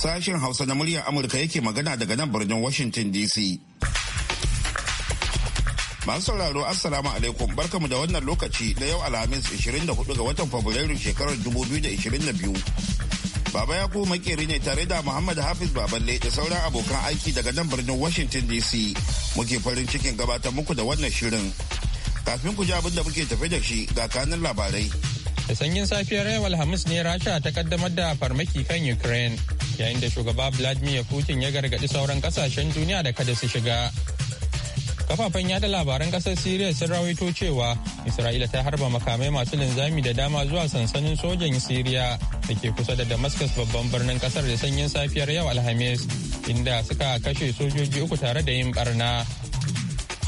Sashen Hausa na muryar Amurka yake magana daga nan birnin Washington DC. Masu sauraro Assalamu alaikum barkamu da wannan lokaci na yau Alhamis 24 ga watan Fabrairu shekarar 2022. Baba ya kuma makeri ne tare da Muhammad Hafiz Baballe da sauran abokan aiki daga nan birnin Washington DC. Muke farin cikin gabatar muku da wannan shirin. Kafin ku ji abin da muke tafe da shi ga kanin labarai. Da sanyin safiyar yau Alhamis ne Rasha ta kaddamar da farmaki kan Ukraine yayin da shugaba vladimir putin ya gargaɗi sauran kasashen duniya da kada su shiga kafafen yada labaran kasar syria sun rawaito cewa isra'ila ta harba makamai masu linzami da dama zuwa sansanin sojan syria da ke kusa da damascus babban birnin kasar da sanyin safiyar yau alhamis inda suka kashe sojoji uku tare da yin barna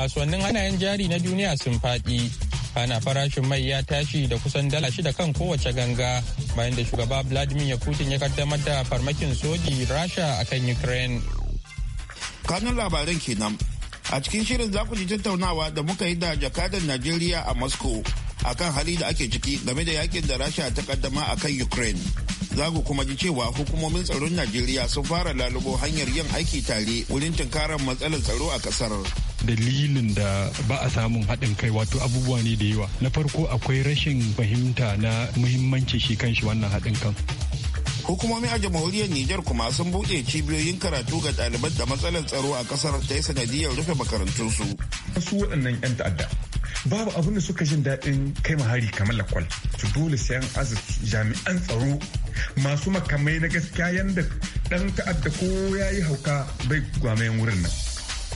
kasuwannin hannayen jari na duniya sun faɗi ana farashin mai ya tashi da kusan dala shida kan kowace ganga bayan da shugaba vladimir putin ya kaddamar da farmakin soji rasha a kan ukraine kanun labaran kenan a cikin shirin za ku ji tattaunawa da muka yi da jakadar najeriya a moscow a kan hali da ake ciki game da yakin da rasha ta kaddama a kan ukraine za ku kuma ji cewa hukumomin tsaron najeriya sun fara lalubo hanyar yin aiki tare wurin tunkarar matsalar tsaro a kasar dalilin da ba a samun haɗin kai wato abubuwa ne da yawa na farko akwai rashin fahimta na muhimmanci shi kanshi wannan haɗin kan hukumomi a jamhuriyar Nijar kuma sun buɗe cibiyoyin karatu ga ɗaliban da matsalar tsaro a ƙasar ta yi sanadiyar rufe makarantunsu. Su waɗannan 'yan ta'adda babu abin da suka jin daɗin kai mahari kamar lakwal su dole sai an aza jami'an tsaro masu makamai na gaskiya yadda ɗan ta'adda ko ya yi hauka bai gwamayen wurin nan.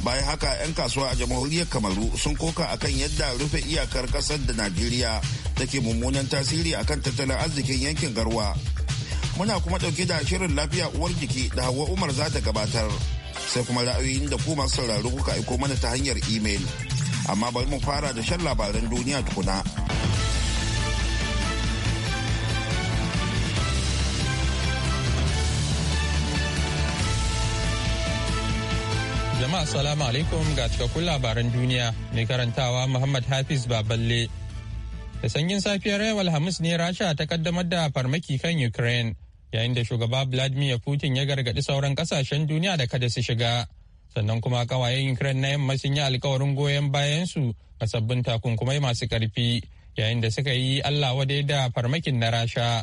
bayan haka 'yan kasuwa a jamhuriyar kamaru sun koka akan yadda rufe iyakar kasar da najeriya take mummunan tasiri akan tattalin arzikin yankin garwa muna kuma ɗauke da shirin lafiya uwar jiki da hawa umar za ta gabatar sai kuma ra'ayoyin da kuma sauraro kuka aiko mana ta hanyar imel amma bari mu fara da shan labaran duniya tukuna. Jama'a salamu alaikum ga cikakkun labaran duniya mai karantawa Muhammad Hafiz Baballe. Da sanyin safiyar yau Alhamis ne Rasha ta kaddamar da farmaki kan Ukraine yayin da shugaba Vladimir Putin ya gargaɗi sauran kasashen duniya da kada su shiga. Sannan kuma kawayen Ukraine na yamma sun yi alkawarin goyon bayansu ga sabbin takunkumai masu ƙarfi yayin da suka yi Allah wadai da farmakin na Rasha.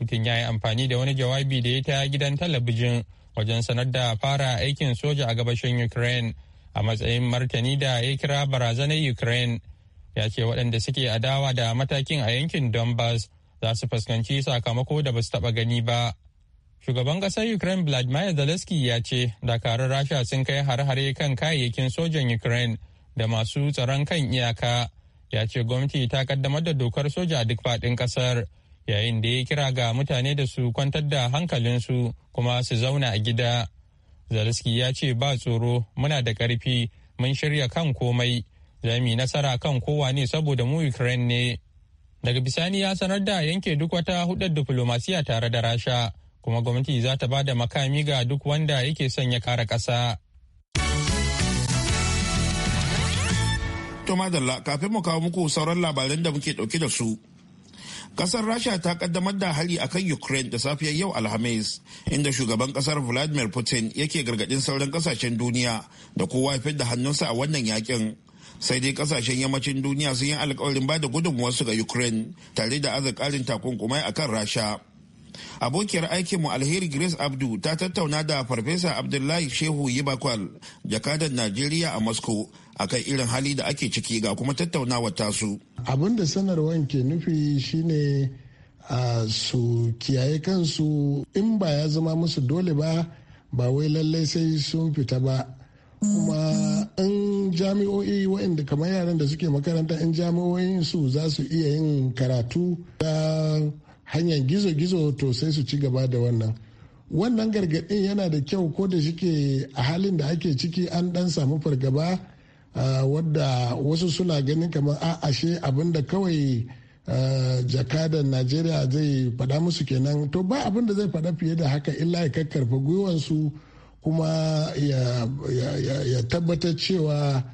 Putin ya yi amfani da wani jawabi da ya ta gidan talabijin wajen sanar da fara aikin soja a gabashin Ukraine a matsayin martani da ya kira barazanar Ukraine. Ya ce waɗanda suke adawa da matakin a yankin Donbass za su fuskanci sakamako da ba su taɓa gani ba. Shugaban ƙasar Ukraine Vladimir Zelensky ya ce dakarun Rasha sun kai har-hare kan kayayyakin sojan Ukraine da masu tsaron kan iyaka. Ya ce gwamnati ta kaddamar da dokar soja a duk faɗin ƙasar. yayin da ya kira ga mutane da su kwantar da hankalinsu kuma su zauna a gida. Zariski ya ce ba tsoro muna da ƙarfi mun shirya kan komai za yi nasara kan kowa ne saboda mu Ukraine ne. Daga bisani ya sanar da yanke duk wata hudar diflomasiya tare da Rasha kuma gwamnati za ta ba da makami ga duk wanda yake son ya kara ƙasa. Tomadalla kafin mu kawo muku sauran labaran da muke dauke da su. Kasar Rasha ta kaddamar da hali akan Ukraine da safiyar yau Alhamis, inda shugaban kasar Vladimir Putin yake gargadin sauran kasashen duniya da kowa ya da hannunsa a wannan yakin. Sai dai kasashen yammacin duniya sun yi alkawarin ba da gudunmuwarsu ga Ukraine tare da karin takunkumai a kan Rasha. Abokiyar aikinmu Alheri Grace Abdu ta tattauna da Farfesa Abdullahi Shehu Yibakwal, jakadan Najeriya a Moscow akan irin hali da ake ciki ga kuma tattaunawar tasu abin da sanarwar ke nufi shine a su kiyaye kansu in ba ya zama musu dole ba ba wai lallai sai sun fita ba kuma in jami'o'i waɗanda kamar yaran da suke makaranta in jami'o'in su za su iya yin karatu ta hanyar gizo-gizo to sai su ci gaba da wannan wannan gargaɗin yana da kyau ko da shike a halin da ake ciki an ɗan samu fargaba Ah, wadda wasu suna ganin kamar a ah, ashe abinda kawai ah, jakadan najeriya zai faɗa musu kenan to ba abin da zai faɗa fiye da haka illa ya kakkarfa gwiwansu kuma ya tabbatar cewa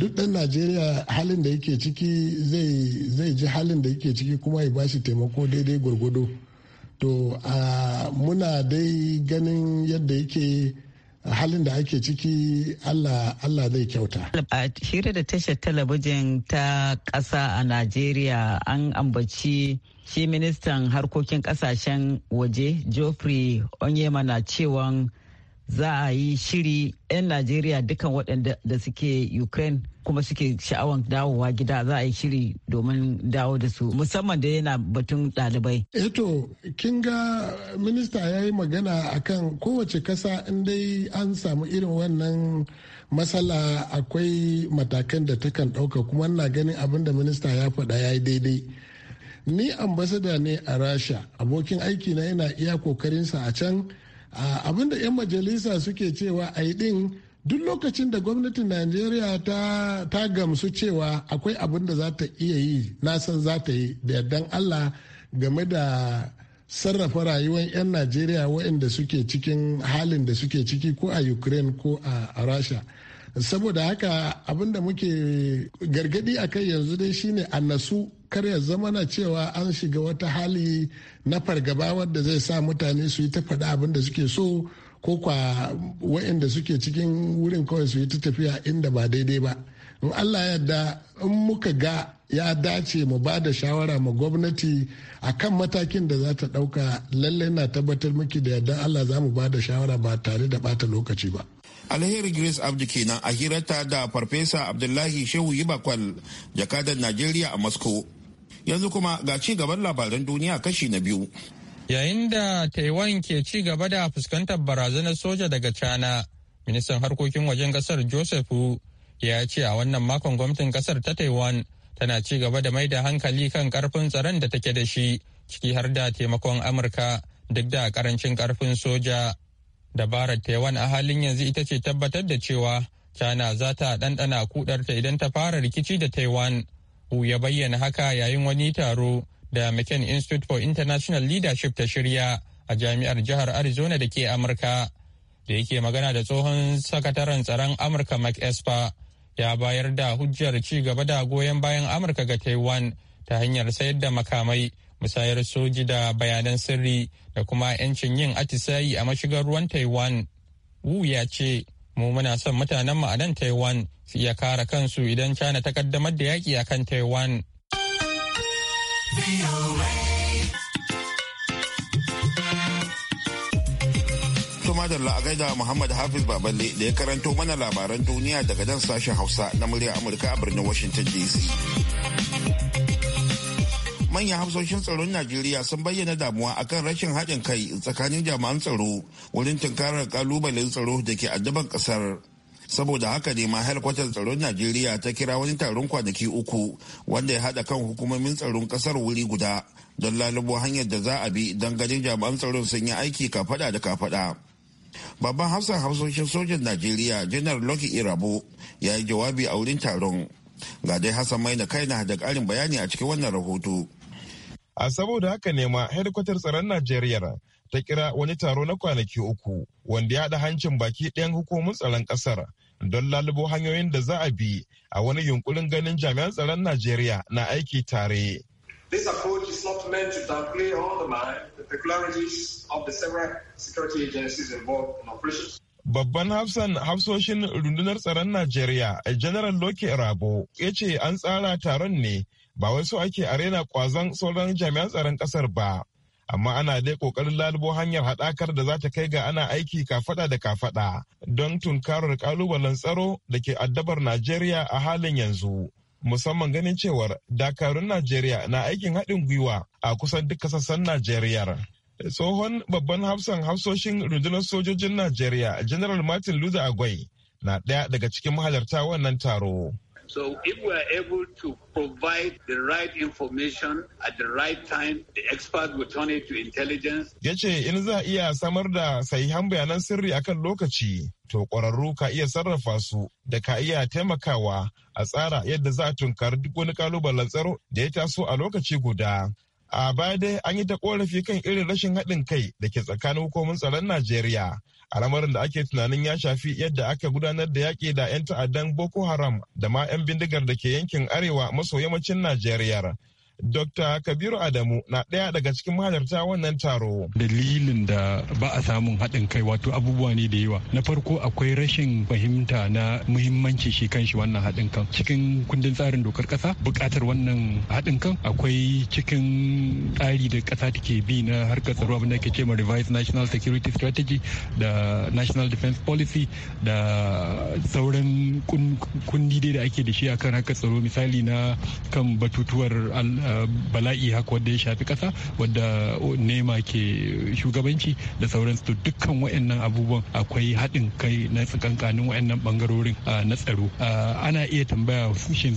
duk ɗan najeriya halin da yake ciki zai ji halin da yake ciki kuma ya bashi taimako daidai gwargwado to muna dai ganin yadda yake halin da ake ciki Allah zai kyauta. A hira da tashar talabijin ta ƙasa a Najeriya an ambaci shi ministan harkokin ƙasashen waje Geoffrey Onyema na cewan za a yi shiri 'yan najeriya dukan waɗanda da suke ukraine kuma suke sha'awan dawowa gida za a yi shiri domin dawo da su musamman da yana batun ɗalibai. eto eh kin ga minista ya yi magana a kan kowace kasa in dai an samu irin wannan matsala akwai matakan da takan ɗauka kuma ina ganin abin da minista ya faɗa ya yi daidai ni ambasada ne a rasha abokin aiki na yana iya kokarinsa a can abinda 'yan majalisa suke cewa a yi din duk lokacin da gwamnatin najeriya ta, gamsu cewa akwai abin da za ta iya yi na san za ta yi da yardan allah game da sarrafa rayuwar 'yan najeriya waɗanda suke cikin halin da suke ciki ko a ukraine ko a rasha saboda haka abin da muke gargadi a kai yanzu dai shine a nasu kar ya zama na cewa an shiga wata hali na fargaba wadda zai sa mutane su yi ta faɗa abin da suke so ko kwa wa'inda suke cikin wurin kawai su yi ta tafiya inda ba daidai ba in allah yadda in muka ga ya dace mu ba da shawara ma gwamnati a kan matakin da za ta ɗauka lallai na tabbatar miki da yadda allah za mu ba da shawara ba tare da bata lokaci ba alheri grace abdu kenan a hirarta da farfesa abdullahi shehu yibakwal jakadar najeriya a moscow yanzu kuma ga ci gaban labaran duniya kashi na biyu yayin da taiwan ke ci gaba da fuskantar barazanar soja daga china ministan harkokin wajen kasar joseph ya ce a wannan makon gwamnatin kasar ta taiwan tana ci gaba da mai da hankali kan karfin tsaron da take da shi ciki har da taimakon amurka duk da karancin karfin soja dabarar taiwan a halin yanzu ita ce tabbatar da cewa china za ta ɗanɗana kudarta idan ta fara rikici da taiwan Hu ya bayyana haka yayin wani taro da McCain Institute for International Leadership ta shirya a jami'ar jihar Arizona da ke Amurka. Da yake magana da tsohon sakataren tsaron Amurka Mike Esper ya bayar da hujjar ci gaba da goyon bayan Amurka ga Taiwan ta hanyar sayar da makamai, musayar soji da bayanan sirri da kuma 'yancin yin atisayi a mashigar ruwan Taiwan. Wu ya ce, mu muna son mutanen mu a nan taiwan su iya kare kansu idan china ta kaddamar da yaƙi kan taiwan madalla a gaida Muhammad Hafiz Baballe da ya karanto mana labaran duniya daga dan sashen Hausa na murya Amurka a birnin Washington DC. manyan hamsoshin tsaron najeriya sun bayyana damuwa akan rashin haɗin kai tsakanin jami'an tsaro wurin tunkarar kalubalen tsaro da ke addaban ƙasar saboda haka ne ma helkwatar tsaron najeriya ta kira wani taron kwanaki uku wanda ya haɗa kan hukumomin tsaron ƙasar wuri guda don lalubo hanyar da za a bi don ganin jami'an tsaron sun yi aiki kafada da kafada babban hafsan hafsoshin sojan najeriya janar loki irabo ya yi jawabi a wurin taron ga dai hassan mai na kaina da ƙarin bayani a cikin wannan rahoto A saboda haka nema ma tsaron Najeriya ta kira wani taro na kwanaki uku wanda ya haɗa hancin baki ɗayan hukumar tsaron ƙasar don lalubo hanyoyin da za a bi a wani yunkurin ganin jami'an tsaron Najeriya na aiki tare. This approach is not meant to downplay or undermine the peculiarities of the several security agencies involved in operations. Babban hafsan hafsoshin rundunar tsaron Najeriya, General Loke Rabo, ya ce an tsara taron ne ba wai so ake a rena kwazon sauran jami'an tsaron kasar ba amma ana dai kokarin lalubo hanyar haɗakar da za ta kai ga ana aiki kafada da kafada don tunkarar kalubalen tsaro da ke addabar najeriya a halin yanzu musamman ganin cewar dakarun najeriya na aikin haɗin gwiwa a kusan duka sassan najeriya tsohon babban hafsan hafsoshin rundunar sojojin najeriya general martin luther agwai na ɗaya daga cikin mahalarta wannan taro So if we are able to provide the right information at the right time, the expert will turn it to intelligence. Ya ce in za a iya samar da sahihan bayanan sirri akan lokaci, to ƙwararru ka iya sarrafa su da ka iya taimakawa a tsara yadda za a tunkar duk wani kalubalen tsaro da ya taso a lokaci guda. A baya dai an yi ta korafi kan irin rashin haɗin kai da ke tsakanin hukumomin tsaron Najeriya al'amarin da ake tunanin ya shafi yadda aka gudanar da yaƙi da 'yan ta'addan boko haram da ma 'yan bindigar da ke yankin arewa maso yammacin najeriya Dr. Kabiru Adamu na ɗaya daga cikin mahalarta wannan taro. Dalilin da ba a samun haɗin kai wato abubuwa ne da yawa. Na farko akwai rashin fahimta na muhimmanci shi kanshi wannan haɗin kan. Cikin kundin tsarin dokar ƙasa buƙatar wannan haɗin kan akwai cikin tsari da ƙasa take bi na harkar tsaro abin da ke ce ma revised national security strategy da national defense policy da sauran kundi dai da ake da shi akan harkar tsaro misali na kan batutuwar bala'i haka wanda ya shafi kasa wanda nema ke shugabanci da sauransu dukkan waɗannan abubuwan akwai haɗin kai na tsakankanin waɗannan bangarorin ah, na tsaro ah, ana iya tambaya shin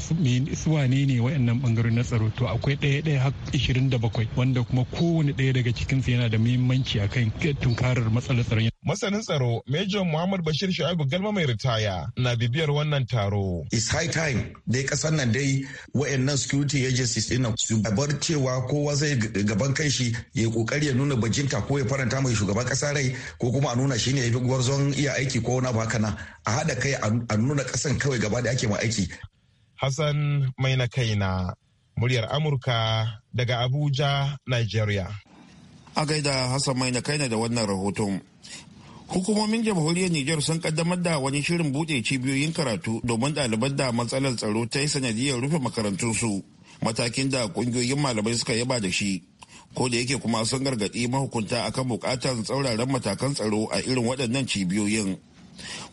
su wane ne waɗannan bangarorin na tsaro to akwai ɗaya ɗaya har ishirin da bakwai wanda kuma kowane ɗaya daga cikin su yana da muhimmanci akan tunkarar matsalar tsaron masanin tsaro Major Muhammad Bashir Shu'aibu Galma mai ritaya na bibiyar wannan taro. It's high time dai kasan nan dai wayannan security agencies ɗin su bar cewa kowa zai gaban kai shi ya kokari ya nuna bajinta ko ya faranta mai shugaban kasa rai ko kuma a nuna shine ya fi gwarzon iya aiki ko wani baka na a haɗa kai a nuna kasan kawai gaba da ake ma aiki. Hassan mai na kai na muryar Amurka daga Abuja, Nigeria. A gaida Hassan mai na kai da wannan rahoton. hukumomin jamhuriyar Nijar sun kaddamar da wani shirin bude cibiyoyin karatu domin ɗaliban da matsalar tsaro ta yi sanadiyar rufe makarantunsu. matakin da kungiyoyin malamai suka yaba da shi ko da yake kuma sun gargaɗi mahukunta akan buƙatar tsauraran matakan tsaro a irin waɗannan cibiyoyin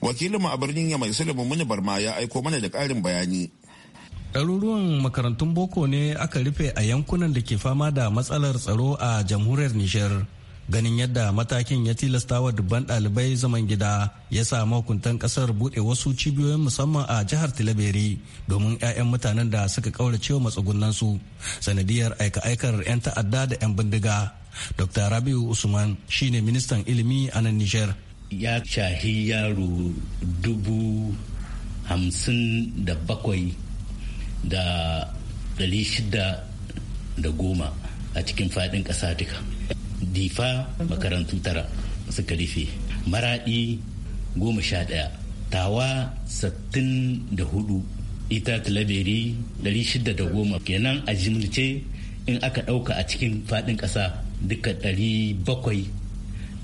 wakilinmu a birnin ya mai sulaiman muni barma ya aiko mana da ƙarin bayani ɗaruruwan makarantun boko ne aka rufe a yankunan da ke fama da matsalar tsaro a jamhuriyar nijar ganin yadda matakin ya tilasta wa dubban dalibai zaman gida ya sa mahukuntan kasar bude wasu cibiyoyin musamman a jihar tilaberi domin 'ya'yan mutanen da suka matsugunan su sanadiyar aika-aikar 'yan ta'adda da 'yan bindiga dr rabiu usman shine ministan ilimi a nan niger ya shahi yaro dubu hamsin da bakwai da dari shida da goma a cikin faɗin ƙasa duka difa makarantu tara suka rufe maraɗi goma sha ɗaya tawa sattin da hudu ita talabiri dari shida da goma kenan a jimlice in aka ɗauka a cikin faɗin ƙasa duka dari bakwai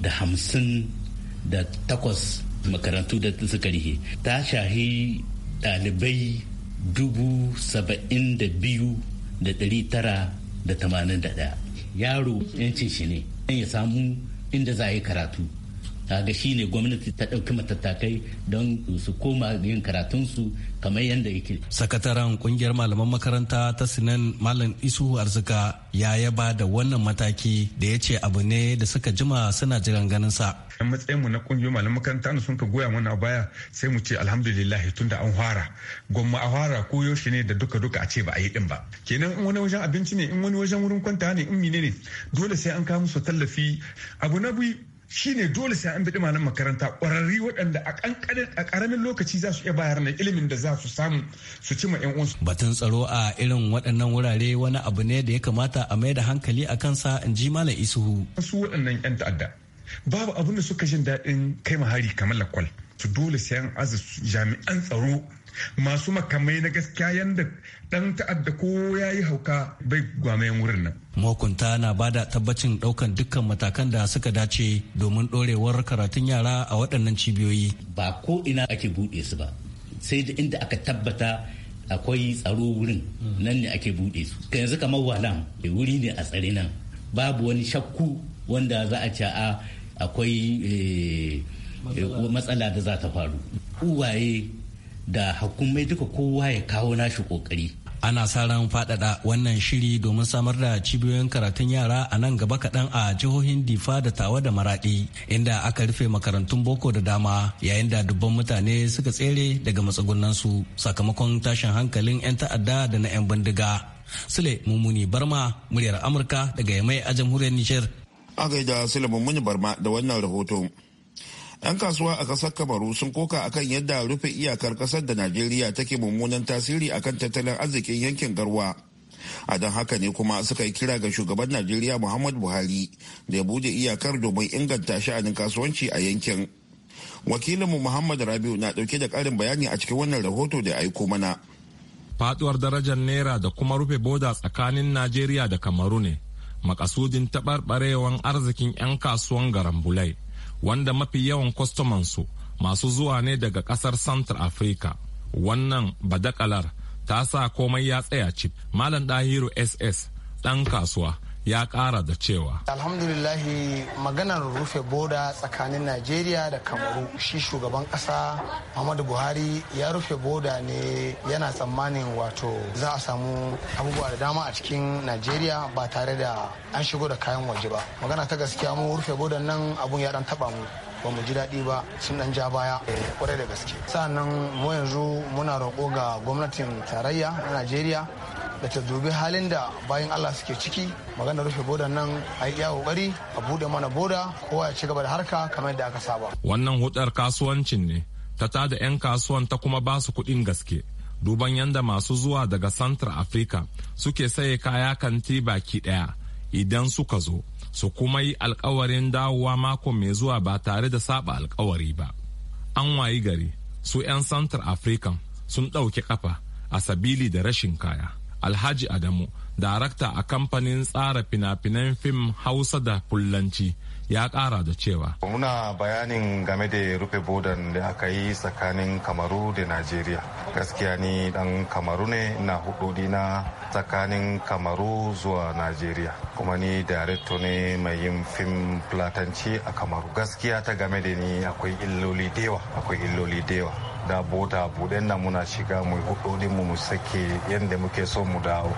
da hamsin da takwas makarantu da suka rufe ta shahi dalibai dubu saba'in da biyu da dari tara da tamanin da ɗaya yaro yancin shi ne ya samu inda za a yi karatu kaga shi ne gwamnati ta ɗauki matattakai don su koma yin karatunsu kamar yadda yake. sakataren kungiyar malaman makaranta ta sinan malam isu arzika ya yaba da wannan mataki da ya ce abu ne da suka jima suna jiran ganin sa. a matsayin mu na kungiyar malaman makaranta na sun ka goya mana baya sai mu ce alhamdulillah tunda an fara gwamma a fara ko yaushe ne da duka duka a ce ba a yi din ba kenan in wani wajen abinci ne in wani wajen wurin kwanta ne in ne dole sai an kawo musu tallafi abu na biyu shine dole sai an bi malam makaranta kwararri waɗanda a ƙanƙanin a ƙaramin lokaci za su iya bayar na ilimin da za su samu su cima ma 'yan uwansu. Batun tsaro a irin waɗannan wurare wani abu ne da ya kamata a mai da hankali a kansa in ji malam isuhu. Su waɗannan 'yan ta'adda babu abin da suka jin daɗin kai mahari kamar lakwal. su dole sai an azu jami'an tsaro masu makamai na gaskiya yadda dan ta'adda ko ya yi hauka bai gwamayen wurin nan. mahukunta na ba da tabbacin daukan dukkan matakan da suka dace domin dorewar karatun yara a waɗannan cibiyoyi. ba ko ina ake buɗe su ba sai da inda aka tabbata akwai tsaro wurin nan ne ake buɗe su yanzu kamar walan wuri ne a tsare nan babu wani shakku wanda za a ce a akwai eh, eh, matsala da za ta faru uwaye da hukumai duka kowa ya kawo nashi kokari ana sa ran faɗaɗa wannan shiri domin samar da cibiyoyin karatun yara a nan gaba kaɗan a jihohin difa da tawa da maraɗi inda aka rufe makarantun boko da dama yayin da dubban mutane suka tsere daga matsugunansu sakamakon tashin hankalin 'yan ta'adda da na 'yan bindiga sule mummuni barma muryar amurka daga yamai a jamhuriyar nijar a sule mummuni barma da wannan rahoton 'yan kasuwa a ƙasar kamaru sun koka akan yadda rufe iyakar ƙasar da najeriya take mummunan tasiri akan tattalin arzikin yankin garwa a don haka ne kuma suka yi kira ga shugaban najeriya muhammad buhari da ya buɗe iyakar domin inganta sha'anin kasuwanci a yankin wakilinmu muhammad rabiu na ɗauke da karin bayani a cikin wannan rahoto da aiko mana faduwar darajar naira da kuma rufe boda tsakanin najeriya da kamaru ne makasudin taɓarɓarewan arzikin 'yan kasuwan garambulai wanda mafi yawan kwastomansu masu zuwa ne daga kasar central africa wannan badakalar ta sa komai ya tsaya cip malam dahiru ss ɗan kasuwa ya kara da cewa alhamdulillahi maganar rufe boda tsakanin najeriya da kamaru shi shugaban kasa muhammadu buhari ya rufe boda ne yana tsammanin wato za a samu abubuwa da dama a cikin najeriya ba tare da an shigo da kayan waje ba magana ta gaskiya mu rufe bodan nan abun ya dan taba mu ba mu ji daɗi ba sun ɗan ja baya kwarai eh, da gaske sa'annan mu yanzu muna roƙo ga gwamnatin tarayya na najeriya da ta dubi halin da bayan Allah suke ciki magana rufe boda nan a yi iya kokari a bude mana boda ko ya ci gaba da harka kamar yadda aka saba. Wannan hudar kasuwancin ne ta tada 'yan kasuwan ta kuma ba su kuɗin gaske. Duban yadda masu zuwa daga Central Africa suke saye kaya kanti baki ɗaya idan suka zo su kuma yi alkawarin dawowa mako mai zuwa ba tare da saba alkawari ba. An wayi gari su 'yan Central African sun ɗauki kafa a sabili da rashin kaya. alhaji adamu darakta a kamfanin tsara fina-finan fim hausa da fullanci ya kara da cewa muna bayanin game da rufe bodan da aka yi tsakanin kamaru da najeriya gaskiya ni dan kamaru ne na hudodi na tsakanin kamaru zuwa najeriya kuma ni darekto ne mai yin fim platanci a kamaru gaskiya ta game da ni akwai illoli dewa akwai illoli dewa da bota buɗe nan muna shiga mu hudodin mu sake yadda muke so mu dawo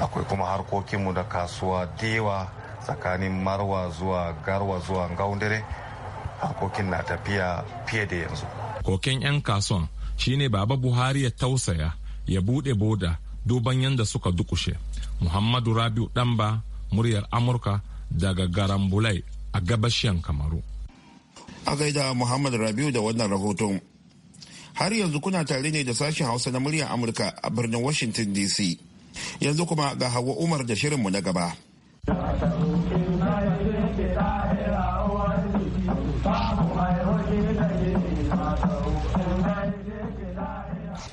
akwai kuma harkokinmu da kasuwa dewa tsakanin marwa zuwa garwa zuwa gaundare harkokin na tafiya fiye da yanzu koken 'yan kasuwan shine baba buhari ya tausaya ya buɗe boda duban yadda suka dukushe muhammadu rabiu ɗanba muryar amurka daga garambulai a gabashin kamaru a gaida muhammadu rabiu da wannan rahoton har yanzu kuna tare ne da sashen hausa na muryar amurka a birnin washington dc yanzu kuma ga hawa umar da shirinmu na gaba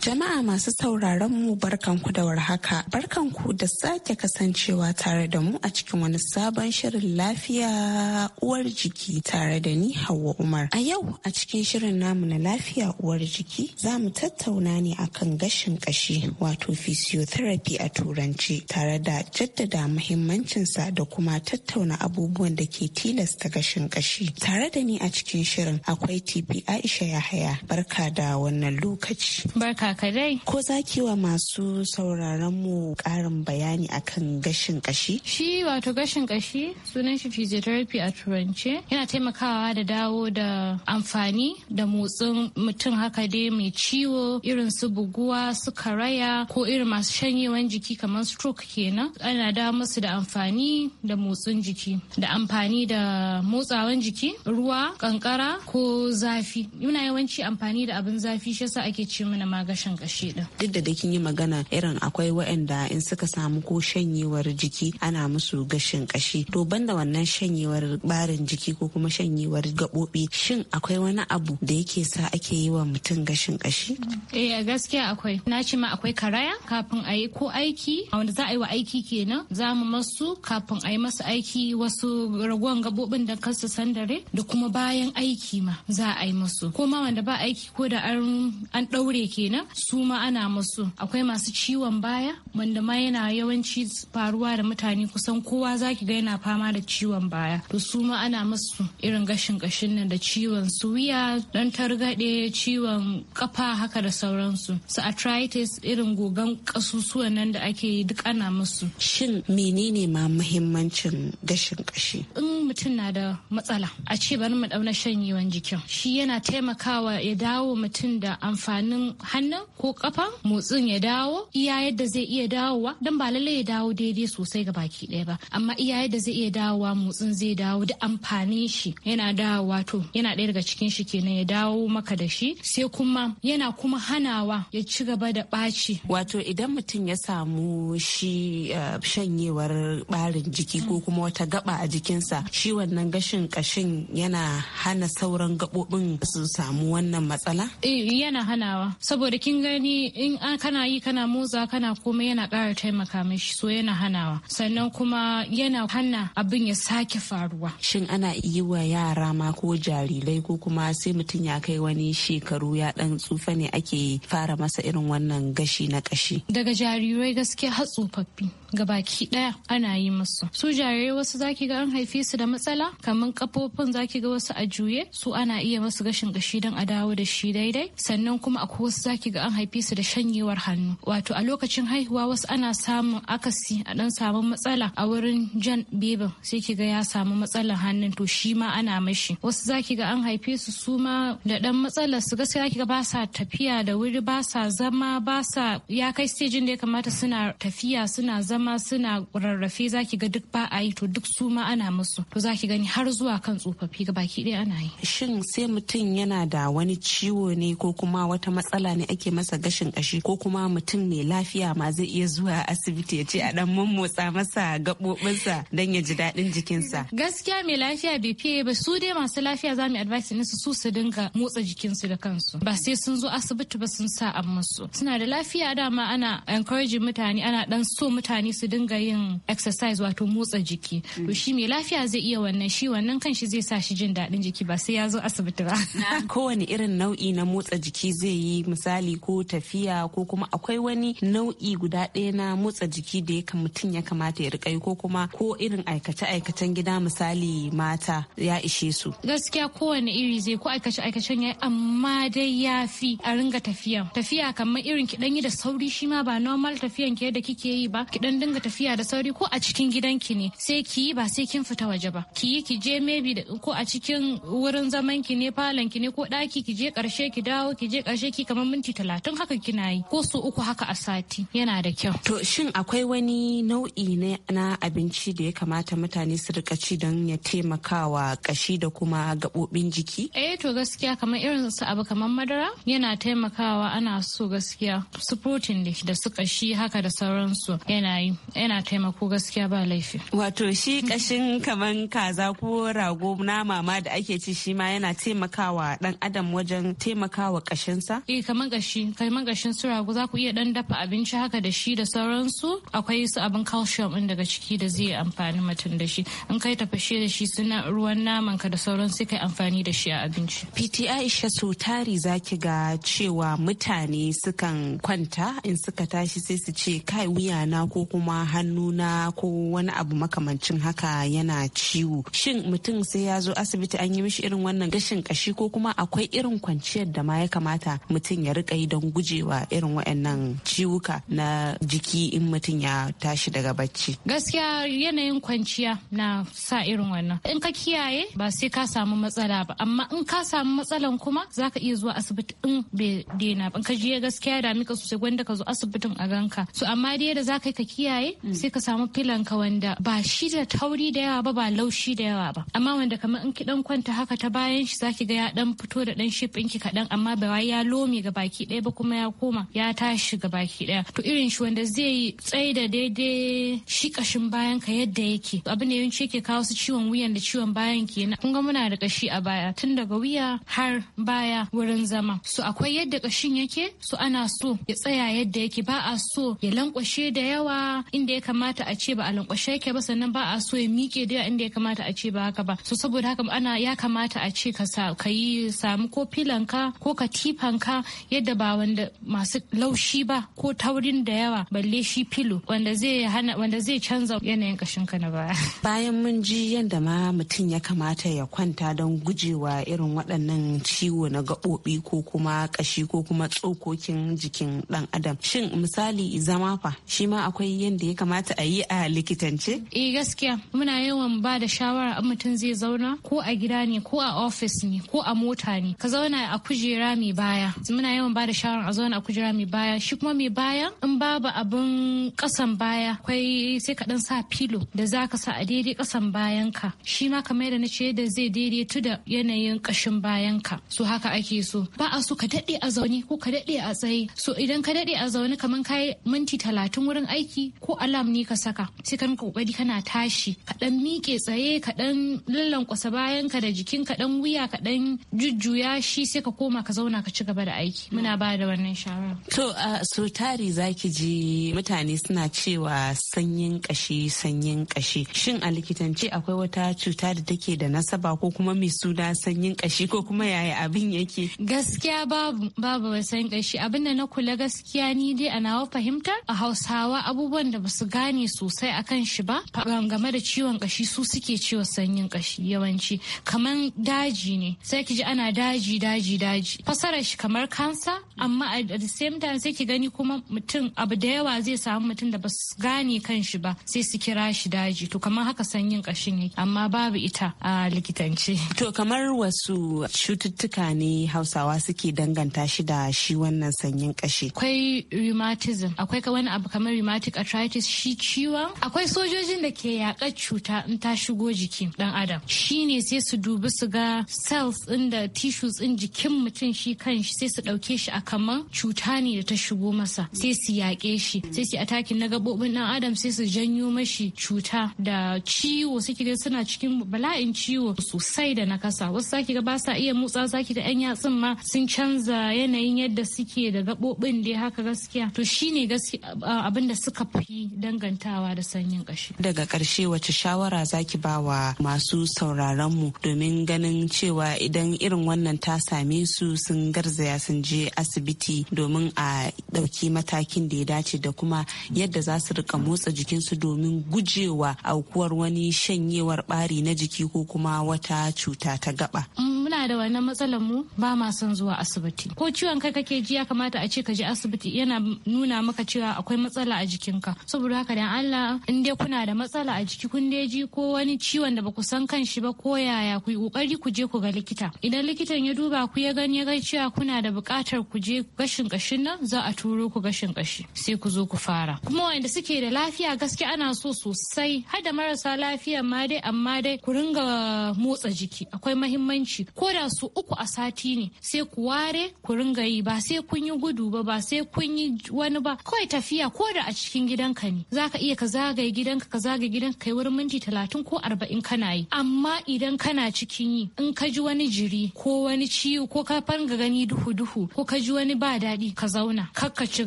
Jama'a masu sauraron mu barkanku da warhaka. Barkanku da sake kasancewa tare da mu a cikin wani sabon shirin lafiya uwar jiki tare da ni Hauwa Umar. A yau a cikin shirin namu na lafiya uwar jiki za mu tattauna ne akan gashin kashi wato physiotherapy a turanci tare da jaddada muhimmancinsa da kuma tattauna abubuwan da ke tilasta gashin kashi. Tare da ni a cikin shirin akwai TP Aisha Yahaya. Barka da wannan lokaci. Barka kadai Ko za wa masu sauraron mu ƙarin bayani akan gashin kashi? Shi wato gashin kashi sunan shi physiotherapy a turance yana taimakawa da dawo da amfani da motsin mutum haka dai mai ciwo irin su buguwa su karaya ko irin masu shanyewan jiki kamar stroke kenan ana da musu da amfani da motsin jiki da amfani da motsawan jiki ruwa kankara ko zafi muna yawanci amfani da abin zafi shi yasa ake ce mana rashin kashi din duk da kin yi magana irin akwai waɗanda in suka samu ko shanyewar jiki ana musu gashin kashi to banda wannan shanyewar barin jiki ko kuma shanyewar gaɓoɓi shin akwai wani abu da yake sa ake yi wa mutum gashin kashi eh gaskiya akwai na ce ma akwai karaya kafin a yi ko aiki wanda za a yi wa aiki kenan za mu masu kafin a yi masa aiki wasu ragon gabobin da kansu sandare da kuma bayan aiki ma za a yi masu ko ma wanda ba aiki ko da an ɗaure kenan su ma ana musu akwai masu ciwon baya wanda ma yana yawanci faruwa da mutane kusan kowa zaki ga yana fama da ciwon baya to su ma ana musu irin gashin kashin nan da ciwon su wuya don targaɗe ciwon kafa haka da sauransu su arthritis irin gogan kasusuwan nan da ake yi duk ana musu shin menene ma muhimmancin gashin kashi in mutum na da matsala a ce bari mu dauna shanyewan jikin shi yana taimakawa ya dawo mutum da amfanin hannun nan ko kafa motsin ya dawo iya yadda zai iya dawowa don ba lalle ya dawo daidai sosai ga baki ɗaya ba amma iya yadda zai iya dawowa motsin zai dawo da amfanin shi yana dawowa to yana ɗaya daga cikin shi kenan ya dawo maka da shi sai kuma yana kuma hanawa ya ci gaba da ɓaci. Wato idan mutum ya samu shi eh, shanyewar ɓarin jiki ko kuma wata gaba a jikinsa shi wannan gashin kashin yana hana sauran gaɓoɓin su samu wannan matsala? Eh, yana hanawa saboda kin gani in kana yi kana motsa kana komai yana ƙara taimaka mishi so yana hanawa sannan kuma yana hana abin ya sake faruwa shin ana yi wa yara ma ko jarirai ko kuma sai mutum ya kai wani shekaru ya dan tsufa ne ake fara masa irin wannan gashi na kashi daga jarirai gaskiya har tsofaffi gabaki daya ana yi musu su jarirai wasu zaki ga an haife su da matsala kamar kafofin zaki ga wasu a juye su ana iya masu gashin gashi don a dawo da shi daidai sannan kuma akwai wasu zaki ga an haife su da shanyewar hannu wato a lokacin haihuwa wasu ana samun akasi a dan samu matsala a wurin jan bebin sai ki ga ya samu matsalar hannun to shi ma ana mashi wasu zaki ga an haife su su ma da dan matsalar su gaskiya ki ga ba sa tafiya da wuri ba sa zama ba sa ya kai stage da ya kamata suna tafiya suna zama zama suna rarrafe za ki ga duk ba a yi to duk su ma ana musu to za ki gani har zuwa kan tsofaffi ga baki ɗaya ana yi. Shin sai mutum yana da wani ciwo ne ko kuma wata matsala ne ake masa gashin ƙashi ko kuma mutum mai lafiya ma zai iya zuwa asibiti ya ce a ɗan mummotsa masa gaɓoɓinsa don ya ji daɗin jikinsa. Gaskiya mai lafiya bai fiye ba su dai masu lafiya za mu advice ne su su dinga motsa jikinsu da kansu ba sai sun zo asibiti ba sun sa a musu. Suna da lafiya dama ana encouraging mutane ana ɗan so mutane mutane su dinga yin exercise wato motsa jiki to shi mai lafiya zai iya wannan shi wannan kanshi zai sa shi jin daɗin jiki ba sai ya zo asibiti ba kowane irin nau'i na motsa jiki zai yi misali ko tafiya ko kuma akwai wani nau'i guda ɗaya na motsa jiki da ya mutum ya kamata ya riƙa ko kuma ko irin aikace-aikacen gida misali mata ya ishe su gaskiya kowane iri zai ko aikace-aikacen ya amma dai ya fi a ringa tafiya tafiya kamar irin kiɗan yi da sauri shi ma ba normal tafiyan ke da kike yi ba kidan dinga tafiya da sauri ko a cikin gidanki ne sai ki yi ba sai kin fita waje ba ki yi ki je maybe ko a cikin wurin zaman ki ne falon ki ne ko daki ki je karshe ki dawo ki je karshe ki kamar minti talatin haka kina yi ko su uku haka a sati yana da kyau. To shin akwai wani nau'i na abinci da ya kamata mutane su rika ci don ya taimakawa kashi da kuma gaɓoɓin jiki? Eh to gaskiya kamar irin su abu kamar madara yana taimakawa ana so gaskiya su protein da su kashi haka da sauransu yana yi yi yana taimako gaskiya ba laifi wato shi kashin kaman kaza ko rago na mama da ake ci shi ma yana taimakawa dan adam wajen taimakawa kashinsa eh kaman gashi kaman gashin su rago za ku iya dan dafa abinci haka da shi da sauransu akwai su abin calcium din daga ciki da zai amfani mutum da shi in kai tafashe da shi suna ruwan naman ka da sauran su kai amfani da shi a abinci pti aisha so tari zaki ga cewa mutane sukan kwanta in suka tashi sai su ce kai wuya na ko kuma hannu na ko wani abu makamancin haka yana ciwo shin mutum sai ya zo asibiti an yi mishi irin wannan gashin kashi ko kuma akwai irin kwanciyar da ma ya kamata mutum ya rika yi don gujewa irin waɗannan ciwuka na jiki in mutum ya tashi daga bacci gaskiya yanayin kwanciya na sa irin wannan in ka kiyaye ba sai ka samu matsala ba amma in ka samu matsalan kuma zaka iya zuwa asibiti in bai dena ba in ka je gaskiya da mika sosai gwanda ka zo asibitin a ganka so amma dai da zaka yi ka kiyaye iyaye sai ka samu filan ka wanda ba shi da tauri da yawa ba ba laushi da yawa ba amma wanda kamar in ki dan kwanta haka ta bayan shi zaki ga ya dan fito da dan shifin ki kadan amma ba wai ya lomi ga baki daya ba kuma ya koma ya tashi ga baki daya to irin shi wanda zai yi tsayi da daidai shi kashin bayan ka yadda yake abu ne yawanci yake kawo su ciwon wuyan da ciwon bayan kenan kun ga muna da kashi a baya tun daga wuya har baya wurin zama so akwai yadda kashin yake so ana so ya tsaya yadda yake ba a so ya lankwashe da yawa inda ya kamata a ce ba a lankwashe ke ba sannan ba a so ya mike da inda ya kamata a ce ba haka ba so saboda haka ana ya kamata a ce ka yi samu ko filanka ko katifanka yadda ba wanda masu laushi ba ko taurin da yawa balle shi filo wanda zai hana wanda zai canza yanayin kashin ka na baya bayan mun ji yadda ma mutum ya kamata ya kwanta don gujewa irin waɗannan ciwo na gaɓoɓi ko kuma ƙashi ko kuma tsokokin jikin ɗan adam shin misali zama fa shi ma akwai yanda yadda ya kamata a yi a likitance? Eh gaskiya muna yawan ba da shawara in mutum zai zauna ko a gida ne ko a ofis ne ko a mota ne ka zauna a kujera mai baya. Muna yawan ba da shawara a zauna a kujera mai baya shi kuma mai baya in babu abin kasan baya akwai sai ka dan sa filo da za ka sa a daidai kasan bayan ka shi ma kamar da na ce da zai tu da yanayin kashin bayan ka so haka ake so ba a so ka daɗe a zaune ko ka daɗe a tsaye so idan ka daɗe a zaune kamar kai minti talatin wurin aiki ko alam ne ka saka sai ka kokari kana tashi ka dan miƙe tsaye ka dan lallankwasa ka da jikin ka dan wuya ka dan jujjuya shi sai ka koma ka zauna ka ci gaba da aiki muna ba da wannan shawara to a so tari zaki ji mutane suna cewa sanyin kashi sanyin kashi shin a likitance akwai wata cuta da take da nasaba ko kuma mai suna sanyin kashi ko kuma yaya abin yake gaskiya babu babu sanyin kashi abin da na kula gaskiya ni dai ana nawa fahimta a hausawa abubuwa abubuwan da basu gane sosai akan shi ba game da ciwon kashi su suke ciwo sanyin kashi yawanci kamar daji ne sai ki ji ana daji daji daji fasarar shi kamar kansa amma at the same time sai ki gani kuma mutum abu da yawa zai samu mutum da basu gane kan shi ba sai su kira shi daji to kamar haka sanyin kashin yake amma babu ita a likitance to kamar wasu cututtuka ne hausawa suke danganta shi da shi wannan sanyin kashi akwai rheumatism akwai wani abu kamar rheumatic arthritis shi ciwon akwai sojojin da ke yakar cuta in ta shigo jikin dan adam shi ne sai su dubi su ga cells din da tissues din jikin mutum shi kanshi sai su dauke shi a kaman cuta ne da ta shigo masa sai su yaƙe shi sai su ataki na gabobin dan adam sai su janyo mashi cuta da ciwo suke ga suna cikin bala'in ciwo sosai da nakasa wasu zaki ga ba sa iya motsa saki da yan yatsun ma sun canza yanayin yadda suke da gabobin dai haka gaskiya to shine gaskiya abin da suka fi dangantawa da sanyin kashi. Daga karshe wace shawara zaki ba wa masu sauraron mu domin ganin cewa idan irin wannan ta same su sun garzaya sun je asibiti domin a ɗauki matakin da ya dace da kuma yadda za su rika motsa jikinsu domin gujewa aukuwar wani shanyewar ɓari na jiki ko kuma wata cuta ta gaba. Mm, muna da wannan matsalar mu ba ma son zuwa asibiti ko ciwon kai kake ji ya kamata a ce ka je asibiti yana nuna maka cewa akwai matsala a jikinka haka saboda haka dan Allah in dai kuna da matsala a jiki kun dai ji ko wani ciwon da baku san kanshi ba ko yaya ku yi kokari ku je ku ga likita idan likitan ya duba ku ya gani ya ga cewa kuna da buƙatar ku je gashin kashin nan za a turo ku gashin kashi sai ku zo ku fara kuma wanda suke da lafiya gaske ana so sosai har da marasa lafiya ma dai amma dai ku ringa motsa jiki akwai mahimmanci ko da su uku a sati ne sai ku ware ku ringa yi ba sai kun yi gudu ba ba sai kun yi wani ba kawai tafiya ko da a cikin gida gidanka ne za ka iya ka zagaye gidanka ka zagaye gidanka kai wurin minti talatin ko arba'in kana yi amma idan kana cikin yi in ka ji wani jiri ko wani ciwo ko ka fanga gani duhu duhu ko ka ji wani ba daɗi ka zauna ka ci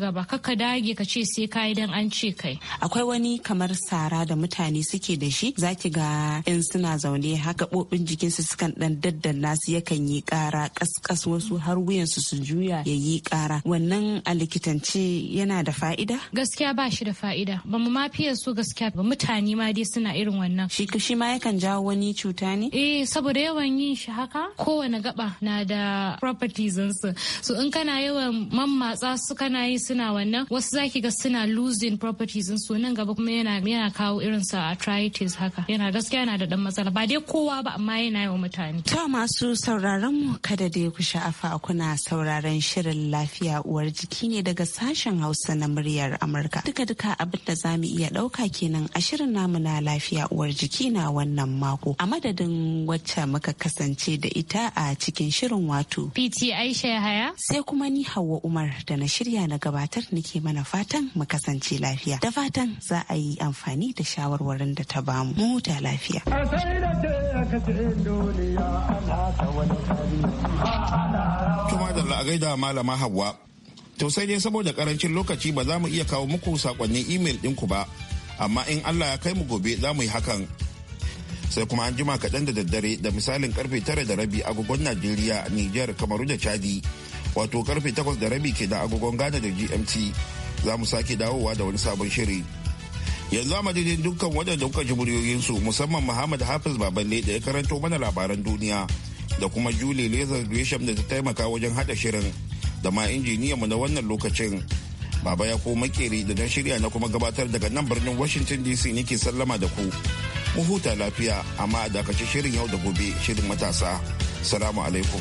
gaba ka dage ka ce sai ka idan an ce kai akwai wani kamar sara da mutane suke da shi zaki ga in suna zaune haka bobin jikinsu sukan ɗan daddanna su yakan yi ƙara kaskas wasu har wuyansu su juya ya yi ƙara wannan a likitance yana da fa'ida gaskiya ba shi da fa'ida ba mu ma fiye su gaskiya ba mutane ma dai suna irin wannan shi shi ma yakan jawo wani cuta ne eh saboda yawan yin shi haka kowane gaba na da properties su so in kana yawan mammatsa su kana yi suna wannan wasu zaki ga suna losing properties su nan gaba kuma yana yana kawo irin sa arthritis haka yana gaskiya yana da dan matsala ba dai kowa ba amma yana yawan mutane to masu sauraron mu kada dai ku sha'afa kuna sauraron shirin lafiya uwar jiki ne daga sashen Hausa na muryar Amurka duka duka abin da za mu iya ɗauka kenan a shirin namu na lafiya uwar jiki na wannan mako a madadin wacce muka kasance da ita a cikin shirin wato. PT Aisha Haya. Sai kuma ni Hauwa Umar da na shirya na gabatar nake mana fatan mu kasance lafiya. Da fatan za a yi amfani da shawarwarin da ta bamu. Mu da lafiya. Kuma da la'agaida malama Hauwa. To sai dai saboda karancin lokaci ba za mu iya kawo muku sakonnin imel ɗinku ba, amma in Allah ya kai mu gobe za mu yi hakan. Sai kuma an jima kaɗan da daddare da misalin karfe tara da rabi agogon Najeriya, Nijar, Kamaru da Chadi. Wato karfe takwas da rabi ke da agogon Ghana da GMT. Za mu sake dawowa da wani sabon shiri. Yanzu a madadin dukkan waɗanda kuka ji muryoyinsu musamman Muhammad Hafiz Baballe da ya karanto mana labaran duniya da kuma Julie Lazar Gresham da ta taimaka wajen haɗa shirin. da ma mu na wannan lokacin baba ya ko makeri da na shirya na kuma gabatar daga nan birnin washington dc nake sallama da ku mu huta lafiya amma a dakaci shirin yau da gobe shirin matasa salamu alaikum